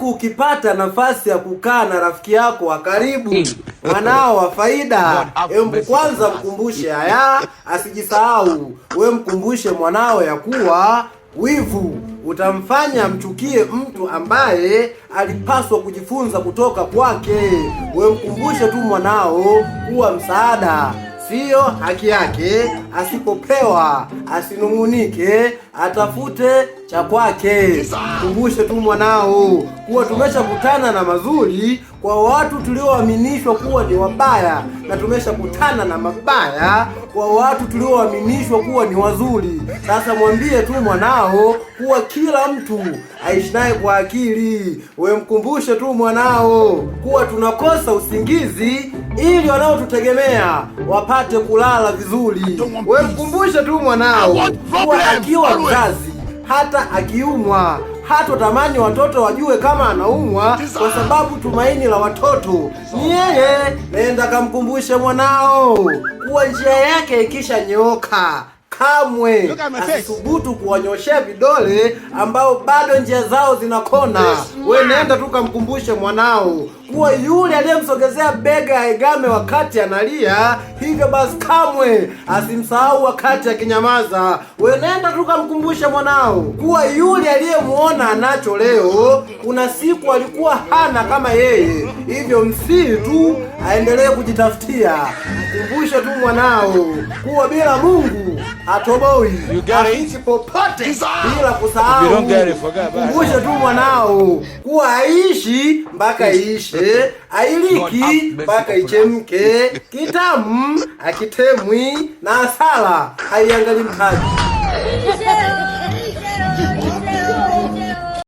siku ukipata nafasi ya kukaa na rafiki yako wa karibu mwanao wa faida, embu kwanza mkumbushe haya, asijisahau. We mkumbushe mwanao ya kuwa wivu utamfanya mchukie mtu ambaye alipaswa kujifunza kutoka kwake. We mkumbushe tu mwanao kuwa msaada siyo haki yake, asipopewa asinung'unike, atafute cha kwake. Kumbushe tu mwanao kuwa tumeshakutana na mazuri kwa watu tulioaminishwa kuwa ni wabaya, na tumeshakutana na mabaya kwa watu tulioaminishwa kuwa ni wazuri. Sasa mwambie tu mwanao kuwa kila mtu aishi naye kwa akili. wemkumbushe tu mwanao kuwa tunakosa usingizi ili wanaotutegemea wapate kulala vizuri. wemkumbushe tu mwanao kuwa akiwa mzazi, hata akiumwa hata tamani watoto wajue kama anaumwa, kwa sababu tumaini la watoto ni yeye. Nenda kamkumbushe mwanao kuwa njia yake ikishanyooka kamwe asithubutu kuwanyoshea vidole ambao bado njia zao zinakona. We nenda tu kamkumbushe mwanao kuwa yule aliyemsogezea bega ya egame wakati analia, hivyo basi kamwe asimsahau wakati akinyamaza. We nenda tu kamkumbushe mwanao kuwa yule aliyemuona anacho leo, kuna siku alikuwa hana kama yeye, hivyo msii tu aendelee kujitafutia. Kumbusha tu mwanao kuwa bila Mungu hatoboi haishi popote bila kusahau. Kumbusha tu mwanao kuwa aishi mpaka iishe, ailiki mpaka ichemke, kitamu akitemwi na asala haiangali mtaji.